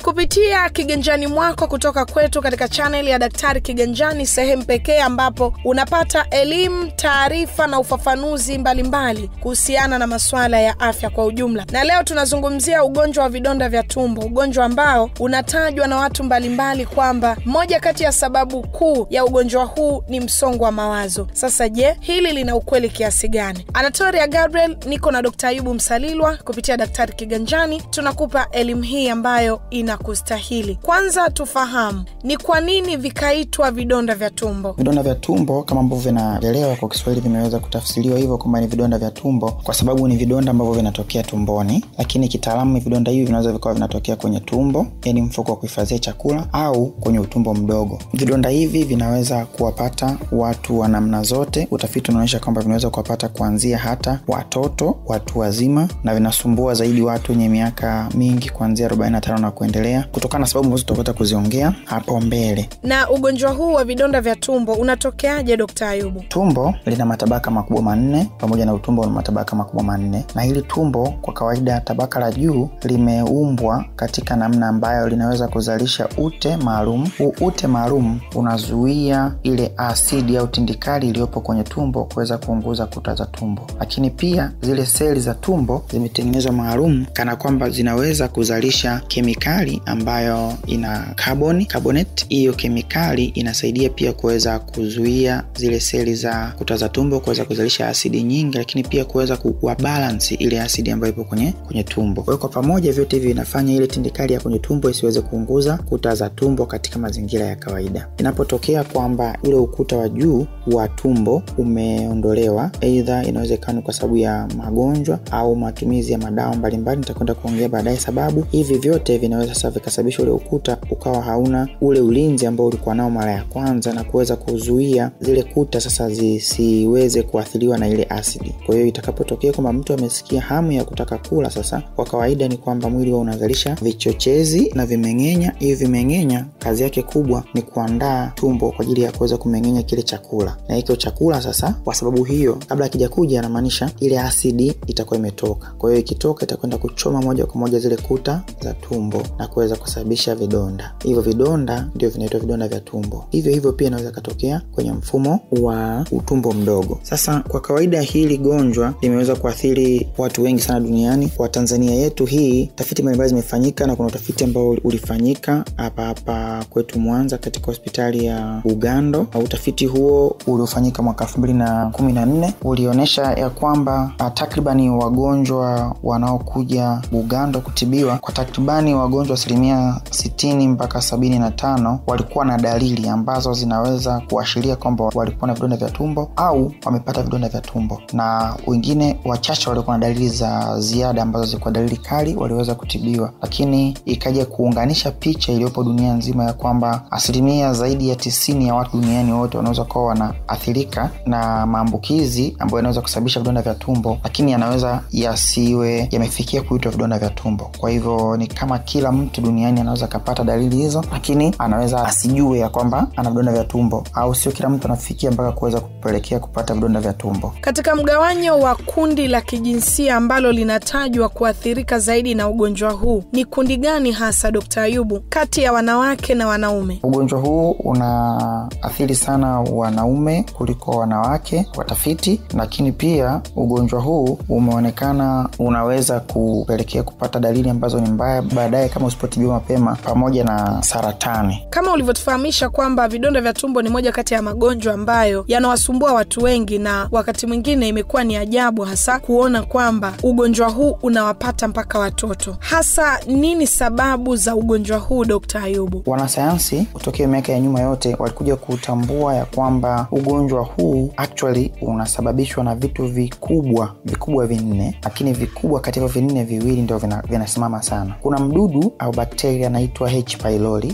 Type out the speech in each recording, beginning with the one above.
kupitia kiganjani mwako kutoka kwetu katika chaneli ya daktari kiganjani sehemu pekee ambapo unapata elimu taarifa na ufafanuzi mbalimbali kuhusiana na masuala ya afya kwa ujumla na leo tunazungumzia ugonjwa wa vidonda vya tumbo ugonjwa ambao unatajwa na watu mbalimbali kwamba moja kati ya sababu kuu ya ugonjwa huu ni msongo wa mawazo sasa je hili lina ukweli kiasi gani anatoria gabriel niko na dkt ayubu msalilwa kupitia daktari kiganjani tunakupa elimu hii ambayo ina vinakustahili. Kwanza tufahamu ni kwa nini vikaitwa vidonda vya tumbo. Vidonda vya tumbo kama ambavyo vinaelewa kwa Kiswahili, vimeweza kutafsiriwa hivyo kwamba ni vidonda vya tumbo kwa sababu ni vidonda ambavyo vinatokea tumboni, lakini kitaalamu vidonda hivi vinaweza vikawa vinatokea kwenye tumbo, yani mfuko wa kuhifadhia chakula au kwenye utumbo mdogo. Vidonda hivi vinaweza kuwapata watu wa namna zote. Utafiti unaonyesha kwamba vinaweza kuwapata kuanzia hata watoto, watu wazima, na vinasumbua zaidi watu wenye miaka mingi kuanzia 45 na kuendelea yanaendelea kutokana na sababu ambazo kuziongea hapo mbele. Na ugonjwa huu wa vidonda vya tumbo unatokeaje, Dokta Ayubu? Tumbo lina matabaka makubwa manne pamoja na utumbo una matabaka makubwa manne, na hili tumbo kwa kawaida tabaka la juu limeumbwa katika namna ambayo linaweza kuzalisha ute maalum. Huu ute maalum unazuia ile asidi au tindikali iliyopo kwenye tumbo kuweza kuunguza kuta za tumbo, lakini pia zile seli za tumbo zimetengenezwa maalum kana kwamba zinaweza kuzalisha kemikali kemikali ambayo ina carbon carbonate. Hiyo kemikali inasaidia pia kuweza kuzuia zile seli za kuta za tumbo kuweza kuzalisha asidi nyingi, lakini pia kuweza kuwa balance ile asidi ambayo ipo kwenye kwenye tumbo. Kwa hiyo kwa pamoja vyote hivi vinafanya ile tindikali ya kwenye tumbo isiweze kuunguza kuta za tumbo katika mazingira ya kawaida. Inapotokea kwamba ule ukuta wa juu wa tumbo umeondolewa, aidha inawezekana kwa sababu ya magonjwa au matumizi ya madawa mbalimbali, nitakwenda kuongea baadaye sababu. Hivi vyote vinaweza sasa vikasababisha ule ukuta ukawa hauna ule ulinzi ambao ulikuwa nao mara ya kwanza na kuweza kuzuia zile kuta sasa zisiweze kuathiriwa na ile asidi kwa hiyo itakapotokea kwamba mtu amesikia hamu ya kutaka kula sasa kwa kawaida ni kwamba mwili wa unazalisha vichochezi na vimeng'enya hivi vimeng'enya kazi yake kubwa ni kuandaa tumbo kwa ajili ya kuweza kumeng'enya kile chakula na hiko chakula sasa kwa sababu hiyo kabla akijakuja anamaanisha ile asidi itakuwa imetoka kwa hiyo ikitoka itakwenda kuchoma moja kwa moja zile kuta za tumbo na kuweza kusababisha vidonda hivyo vidonda ndio vinaitwa vidonda vya tumbo hivyo hivyo pia inaweza ikatokea kwenye mfumo wa utumbo mdogo sasa kwa kawaida hili gonjwa limeweza kuathiri watu wengi sana duniani kwa tanzania yetu hii tafiti mbalimbali zimefanyika na kuna utafiti ambao ulifanyika hapa hapa kwetu mwanza katika hospitali ya ugando utafiti huo uliofanyika mwaka elfu mbili na kumi na nne ulionyesha ya kwamba ah, takribani wagonjwa wanaokuja bugando kutibiwa kwa takribani wagonjwa asilimia 60 mpaka 75 walikuwa na dalili ambazo zinaweza kuashiria kwamba walikuwa na vidonda vya tumbo au wamepata vidonda vya tumbo na wengine wachache walikuwa na dalili za ziada ambazo zilikuwa dalili kali waliweza kutibiwa lakini ikaja kuunganisha picha iliyopo dunia nzima ya kwamba asilimia zaidi ya tisini ya watu duniani wote wanaweza kuwa wanaathirika na maambukizi ambayo yanaweza kusababisha vidonda vya tumbo lakini yanaweza yasiwe yamefikia kuitwa vidonda vya tumbo kwa hivyo ni kama kila mtu duniani anaweza akapata dalili hizo lakini anaweza asijue ya kwamba ana vidonda vya tumbo au sio kila mtu anafikia mpaka kuweza kupelekea kupata vidonda vya tumbo katika mgawanyo wa kundi la kijinsia ambalo linatajwa kuathirika zaidi na ugonjwa huu ni kundi gani hasa dkt ayubu kati ya wanawake na wanaume ugonjwa huu unaathiri sana wanaume kuliko wanawake watafiti lakini pia ugonjwa huu umeonekana unaweza kupelekea kupata dalili ambazo ni mbaya baadaye kama usipotibiwa mapema pamoja na saratani kama ulivyotufahamisha kwamba vidonda vya tumbo ni moja kati ya magonjwa ambayo yanawasumbua inasumbua watu wengi, na wakati mwingine imekuwa ni ajabu hasa kuona kwamba ugonjwa huu unawapata mpaka watoto. Hasa nini sababu za ugonjwa huu, d Ayubu? Wanasayansi kutokea miaka ya nyuma yote walikuja kutambua ya kwamba ugonjwa huu actually unasababishwa na vitu vikubwa vikubwa vinne, lakini vikubwa kati ya vinne viwili ndio vinasimama vina sana. Kuna mdudu au bakteria anaitwa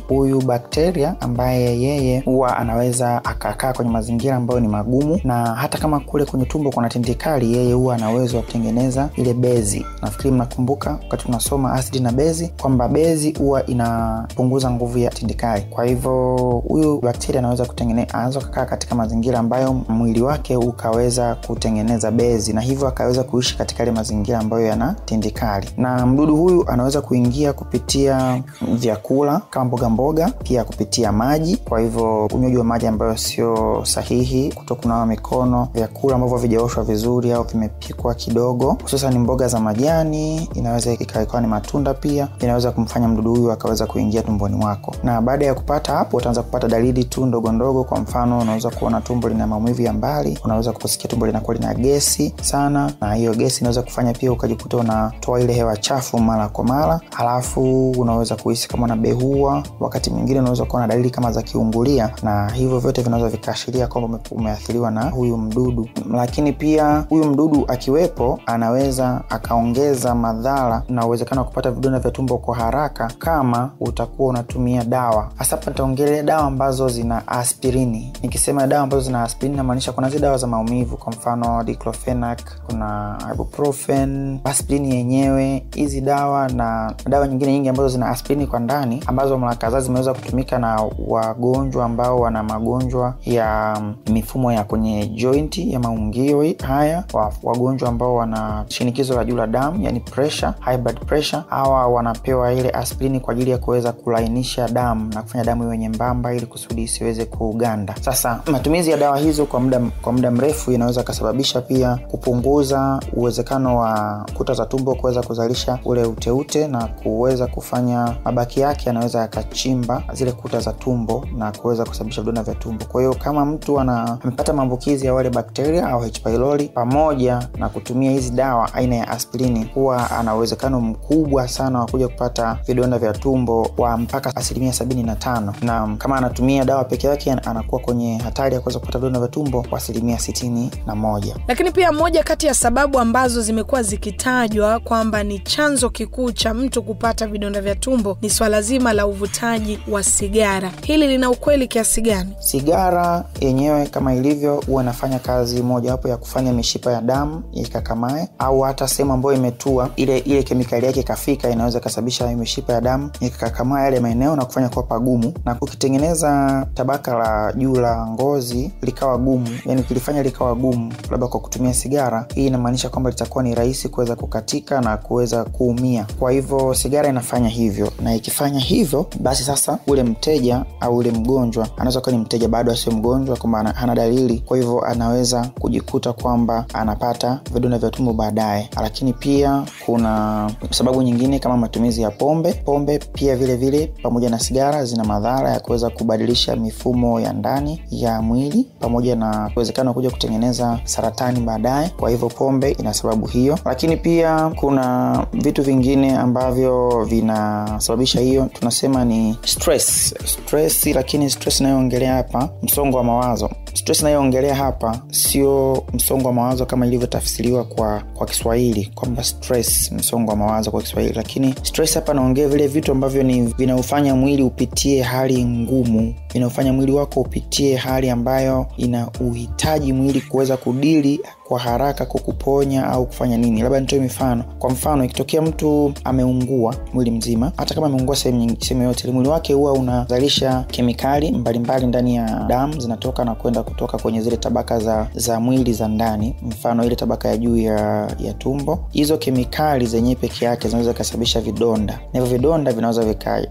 Huyu bakteria ambaye yeye huwa anaweza akakaa kwenye mazingira ambayo ni gumu, na hata kama kule kwenye tumbo kuna tindikali, yeye huwa ana uwezo wa kutengeneza ile bezi. Nafikiri mnakumbuka wakati tunasoma asidi na bezi kwamba bezi huwa inapunguza nguvu ya tindikali. Kwa hivyo huyu bakteria anaweza kutengeneza, anaweza kukaa katika mazingira ambayo mwili wake ukaweza kutengeneza bezi, na hivyo akaweza kuishi katika yale mazingira ambayo yana tindikali, na mdudu huyu anaweza kuingia kupitia vyakula kama mboga mboga, pia kupitia maji. Kwa hivyo unywaji wa maji ambayo sio sahihi kuto kunawa mikono, vyakula ambavyo vijaoshwa vizuri au vimepikwa kidogo, hususan mboga za majani, inaweza ikawa ni matunda pia, inaweza kumfanya mdudu huyu akaweza kuingia tumboni mwako. Na baada ya kupata hapo, utaanza kupata dalili tu ndogo ndogo. Kwa mfano, unaweza kuona tumbo lina maumivu ya mbali, unaweza kusikia tumbo linakuwa lina gesi sana, na hiyo gesi inaweza kufanya pia ukajikuta unatoa ile hewa chafu mara kwa mara, halafu unaweza kuhisi kama unabehua. Wakati mwingine unaweza kuwa na dalili kama za kiungulia, na hivyo vyote vinaweza vikaashiria kwamba umeathiriwa kuathiriwa na huyu mdudu. Lakini pia huyu mdudu akiwepo, anaweza akaongeza madhara na uwezekano wa kupata vidonda vya tumbo kwa haraka kama utakuwa unatumia dawa. Hasa hapa nitaongelea dawa ambazo zina aspirini. Nikisema dawa ambazo zina aspirini, namaanisha kuna zile dawa za maumivu, kwa mfano diclofenac, kuna ibuprofen, aspirini yenyewe, hizi dawa na dawa nyingine nyingi ambazo zina aspirini kwa ndani, ambazo mara kadhaa zimeweza kutumika na wagonjwa ambao wana magonjwa ya mifumo ya kwenye jointi ya maungio haya wagonjwa ambao wana shinikizo la juu la damu yani pressure, high blood pressure hawa wanapewa ile aspirini kwa ajili ya kuweza kulainisha damu na kufanya damu iwe nyembamba ili kusudi isiweze kuganda sasa matumizi ya dawa hizo kwa muda kwa muda mrefu inaweza kasababisha pia kupunguza uwezekano wa kuta za tumbo kuweza kuzalisha ule uteute na kuweza kufanya mabaki yake yanaweza yakachimba zile kuta za tumbo na kuweza kusababisha vidonda vya tumbo kwa hiyo kama mtu ana hata maambukizi ya wale bakteria au H. pylori pamoja na kutumia hizi dawa aina ya aspirini huwa ana uwezekano mkubwa sana wa kuja kupata vidonda vya tumbo wa mpaka asilimia 75 na kama anatumia dawa peke yake anakuwa kwenye hatari ya kuweza kupata vidonda vya tumbo kwa asilimia 61 lakini pia moja kati ya sababu ambazo zimekuwa zikitajwa kwamba ni chanzo kikuu cha mtu kupata vidonda vya tumbo ni swala zima la uvutaji wa sigara hili lina ukweli kiasi gani sigara yenyewe kama ilivyo hivyo huwa inafanya kazi mojawapo ya kufanya mishipa ya damu ikakamae au hata sehemu ambayo imetua ile ile kemikali yake ikafika inaweza ikasababisha mishipa ya damu ikakakamaa yale maeneo na kufanya kuwa pagumu na ukitengeneza tabaka la juu la ngozi likawa gumu yani ukilifanya likawa gumu labda kwa kutumia sigara hii inamaanisha kwamba litakuwa ni rahisi kuweza kukatika na kuweza kuumia kwa hivyo sigara inafanya hivyo na ikifanya hivyo basi sasa ule mteja au ule mgonjwa anaweza kuwa ni mteja bado asio mgonjwa kwamba hana dalili akili kwa hivyo anaweza kujikuta kwamba anapata vidonda vya tumbo baadaye lakini pia kuna sababu nyingine kama matumizi ya pombe pombe pia vile vile pamoja na sigara zina madhara ya kuweza kubadilisha mifumo ya ndani ya mwili pamoja na uwezekano wa kuja kutengeneza saratani baadaye kwa hivyo pombe ina sababu hiyo lakini pia kuna vitu vingine ambavyo vinasababisha hiyo tunasema ni stress stress lakini stress inayoongelea hapa msongo wa mawazo stress tunayoongelea hapa sio msongo wa mawazo kama ilivyotafsiriwa kwa kwa kiswahili kwamba stress msongo wa mawazo kwa kiswahili lakini stress hapa naongea vile vitu ambavyo ni vinaofanya mwili upitie hali ngumu vinaofanya mwili wako upitie hali ambayo ina uhitaji mwili kuweza kudili kwa haraka kukuponya au kufanya nini labda nitoe mifano kwa mfano ikitokea mtu ameungua mwili mzima hata kama ameungua sehemu yoyote mwili wake huwa unazalisha kemikali mbalimbali ndani ya damu zinatoka na kwenda kutoka kwenye zile tabaka za, za mwili za ndani mfano ile tabaka ya juu ya, ya tumbo hizo kemikali zenyewe peke yake zinaweza ikasababisha vidonda na hivyo vidonda vinaweza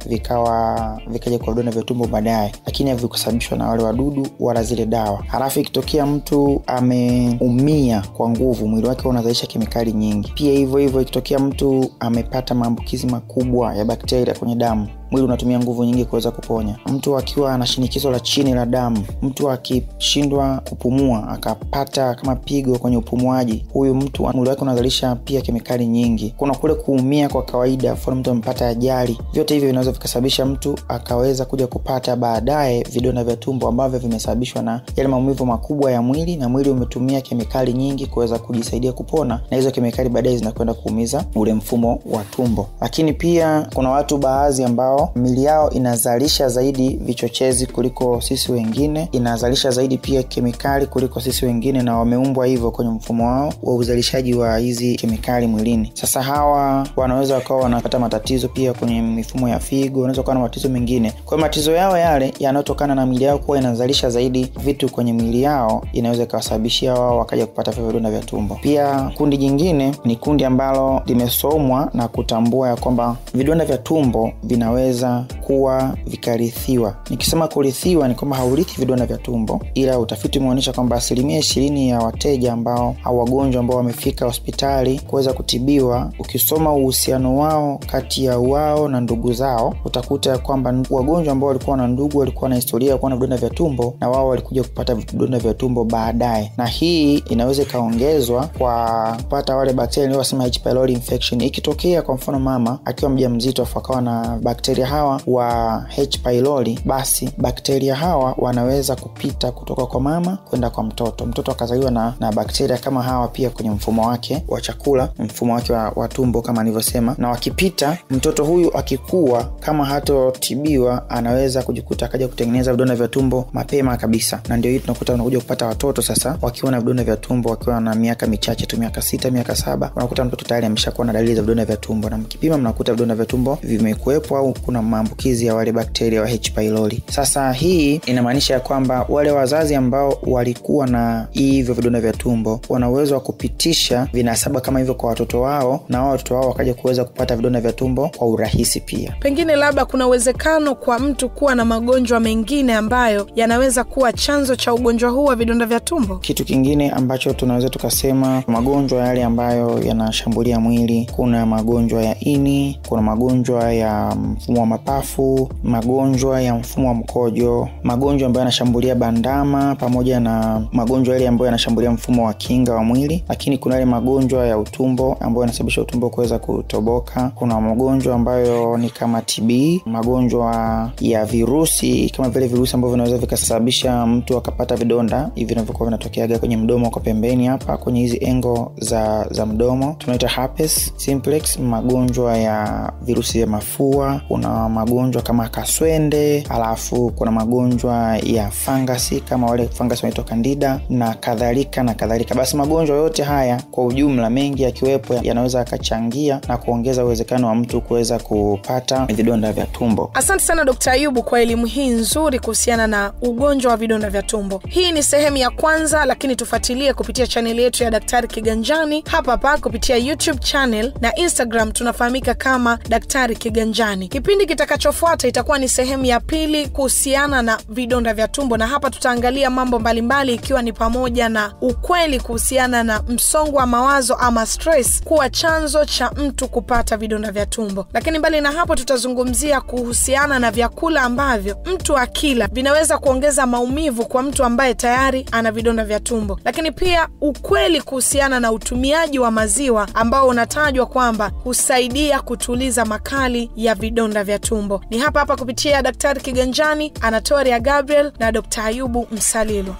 vikawa vikaja kwa vidonda vya tumbo baadaye lakini havikusababishwa na wale wadudu wala zile dawa halafu ikitokea mtu ameumia kutumia kwa nguvu mwili wake unazalisha kemikali nyingi pia hivyo hivyo ikitokea mtu amepata maambukizi makubwa ya bakteria kwenye damu mwili unatumia nguvu nyingi kuweza kuponya mtu akiwa ana shinikizo la chini la damu mtu akishindwa kupumua akapata kama pigo kwenye upumuaji huyu mtu mwili wake unazalisha pia kemikali nyingi kuna kule kuumia kwa kawaida mfano mtu amepata ajali vyote hivyo vinaweza vikasababisha mtu akaweza kuja kupata baadaye vidonda vya tumbo ambavyo vimesababishwa na yale maumivu makubwa ya mwili na mwili umetumia kemikali nyingi kuweza kujisaidia kupona na hizo kemikali baadaye zinakwenda kuumiza ule mfumo wa tumbo lakini pia kuna watu baadhi ambao mili yao inazalisha zaidi vichochezi kuliko sisi wengine inazalisha zaidi pia kemikali kuliko sisi wengine na wameumbwa hivyo kwenye mfumo wao wa uzalishaji wa hizi kemikali mwilini sasa hawa wanaweza wakawa wanapata matatizo pia kwenye mifumo ya figo wanaweza wakawa na matatizo mengine kwayo matatizo yao yale yanayotokana na mili yao kuwa inazalisha zaidi vitu kwenye mili yao inaweza ikawasababishia wao wakaja kupata vidonda vya tumbo pia kundi jingine ni kundi ambalo limesomwa na kutambua ya kwamba vidonda vya tumbo vinaweza vinaweza kuwa vikarithiwa. Nikisema kurithiwa ni kwamba haurithi vidonda vya tumbo, ila utafiti umeonyesha kwamba asilimia ishirini ya wateja ambao au wagonjwa ambao wamefika hospitali kuweza kutibiwa, ukisoma uhusiano wao kati ya wao na ndugu zao, utakuta ya kwamba wagonjwa ambao walikuwa na ndugu walikuwa na historia ya kuwa na vidonda vya tumbo, na wao walikuja kupata vidonda vya tumbo baadaye, na hii inaweza ikaongezwa kwa kupata wale bakteria H. pylori infection. Ikitokea kwa mfano mama akiwa mja mzito afu akawa na bakteria bakteria hawa wa H. pylori, basi bakteria hawa wanaweza kupita kutoka kwa mama kwenda kwa mtoto, mtoto akazaliwa na, na bakteria kama hawa pia kwenye mfumo wake wa chakula, mfumo wake wa, wa tumbo kama nilivyosema, na wakipita, mtoto huyu akikuwa kama hatotibiwa, anaweza kujikuta akaja kutengeneza vidonda vya tumbo mapema kabisa, na ndio hii tunakuta unakuja kupata watoto sasa wakiwa na vidonda vya tumbo wakiwa na miaka michache tu, miaka sita, miaka saba, unakuta mtoto tayari ameshakuwa na dalili za vidonda vya tumbo, na mkipima mnakuta vidonda vya tumbo vimekuwepo au kuna maambukizi ya wale bakteria wa H. pylori. Sasa hii inamaanisha ya kwamba wale wazazi ambao walikuwa na hivyo vidonda vya tumbo wana uwezo wa kupitisha vinasaba kama hivyo kwa watoto wao, na wao watoto wao wakaja kuweza kupata vidonda vya tumbo kwa urahisi. Pia pengine labda kuna uwezekano kwa mtu kuwa na magonjwa mengine ambayo yanaweza kuwa chanzo cha ugonjwa huu wa vidonda vya tumbo. Kitu kingine ambacho tunaweza tukasema, magonjwa yale ambayo yanashambulia mwili, kuna magonjwa ya ini, kuna magonjwa ya mfumo mfumo wa mapafu, magonjwa ya mfumo wa mkojo, magonjwa ambayo yanashambulia bandama pamoja na magonjwa yale ambayo yanashambulia mfumo wa kinga wa mwili, lakini kuna yale magonjwa ya utumbo ambayo yanasababisha utumbo kuweza kutoboka. Kuna magonjwa ambayo ni kama TB, magonjwa ya virusi kama vile virusi ambavyo vinaweza vikasababisha mtu akapata vidonda hivi vinavyokuwa vinatokeaga kwenye mdomo kwa pembeni hapa kwenye hizi engo za za mdomo tunaita simplex, magonjwa ya virusi vya mafua kuna magonjwa kama kaswende alafu kuna magonjwa ya fangasi kama wale fangasi wanaitwa kandida na kadhalika na kadhalika basi magonjwa yote haya kwa ujumla mengi yakiwepo yanaweza yakachangia na kuongeza uwezekano wa mtu kuweza kupata vidonda vya tumbo asante sana dokta ayubu kwa elimu hii nzuri kuhusiana na ugonjwa wa vidonda vya tumbo hii ni sehemu ya kwanza lakini tufuatilie kupitia chaneli yetu ya daktari kiganjani hapa hapa kupitia youtube channel na instagram tunafahamika kama daktari kiganjani Kipi kipindi kitakachofuata itakuwa ni sehemu ya pili kuhusiana na vidonda vya tumbo, na hapa tutaangalia mambo mbalimbali, ikiwa ni pamoja na ukweli kuhusiana na msongo wa mawazo ama stress kuwa chanzo cha mtu kupata vidonda vya tumbo. Lakini mbali na hapo, tutazungumzia kuhusiana na vyakula ambavyo mtu akila vinaweza kuongeza maumivu kwa mtu ambaye tayari ana vidonda vya tumbo, lakini pia ukweli kuhusiana na utumiaji wa maziwa ambao unatajwa kwamba husaidia kutuliza makali ya vidonda vya tumbo. Ni hapa hapa kupitia Daktari Kiganjani, Anatoria Gabriel na Dr. Ayubu Msalilu.